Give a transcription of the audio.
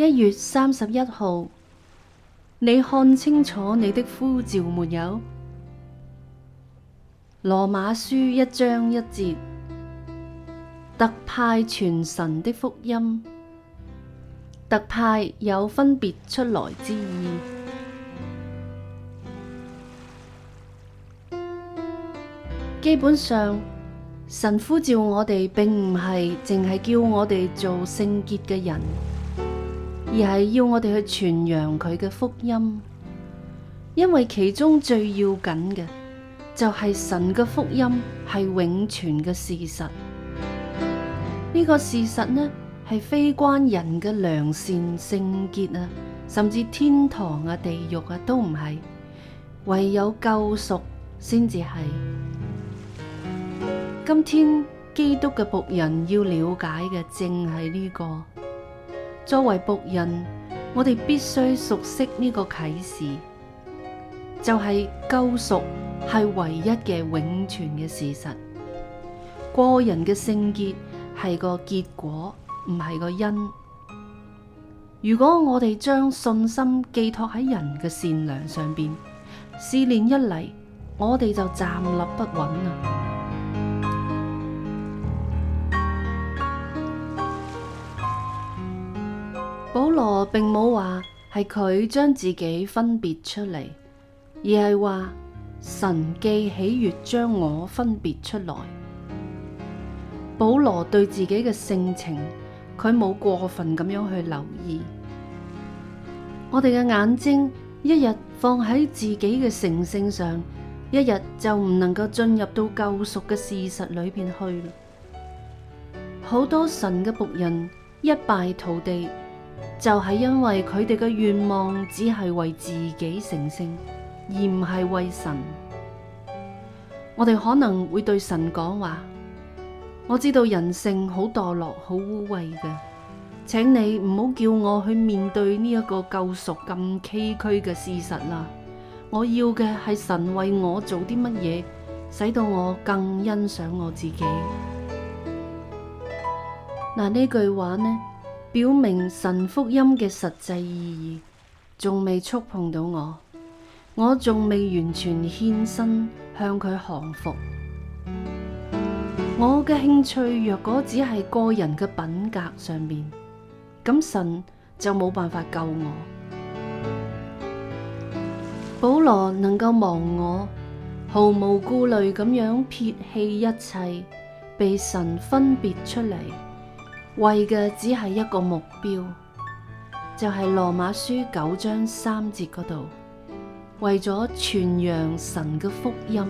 一月三十一號，你看清楚你的呼召沒有？羅馬書一章一節，特派傳神的福音，特派有分別出來之意。基本上，神呼召我哋，並唔係淨係叫我哋做聖潔嘅人。而係要我哋去傳揚佢嘅福音，因為其中最要緊嘅就係、是、神嘅福音係永存嘅事實。呢、這個事實呢係非關人嘅良善聖潔啊，甚至天堂啊、地獄啊都唔係，唯有救贖先至係。今天基督嘅僕人要了解嘅正係呢、這個。作為僕人，我哋必須熟悉呢個啟示，就係救贖係唯一嘅永存嘅事實。個人嘅聖潔係個結果，唔係個因。如果我哋將信心寄託喺人嘅善良上面，試練一嚟，我哋就站立不穩啦。保羅並冇話係佢將自己分別出嚟，而係話神既喜悦將我分別出來。保羅對自己嘅性情，佢冇過分咁樣去留意。我哋嘅眼睛，一日放喺自己嘅成性上，一日就唔能夠進入到救贖嘅事實裏邊去。好多神嘅僕人一敗塗地。就係因為佢哋嘅願望只係為自己成聖，而唔係為神。我哋可能會對神講話：「我知道人性好墮落、好污穢嘅，請你唔好叫我去面對呢一個救贖咁崎嶇嘅事實啦。我要嘅係神為我做啲乜嘢，使到我更欣賞我自己。」嗱，呢句話呢，表明神福音嘅實際意義，仲未觸碰到我，我仲未完全獻身向佢降服。我嘅興趣若果只係個人嘅品格上面，咁神就冇辦法救我。保羅能夠忘我，毫無顧慮咁樣撇棄一切，被神分別出嚟，為嘅只係一個目標，就係、是、羅馬書九章三節嗰度，為咗傳揚神嘅福音。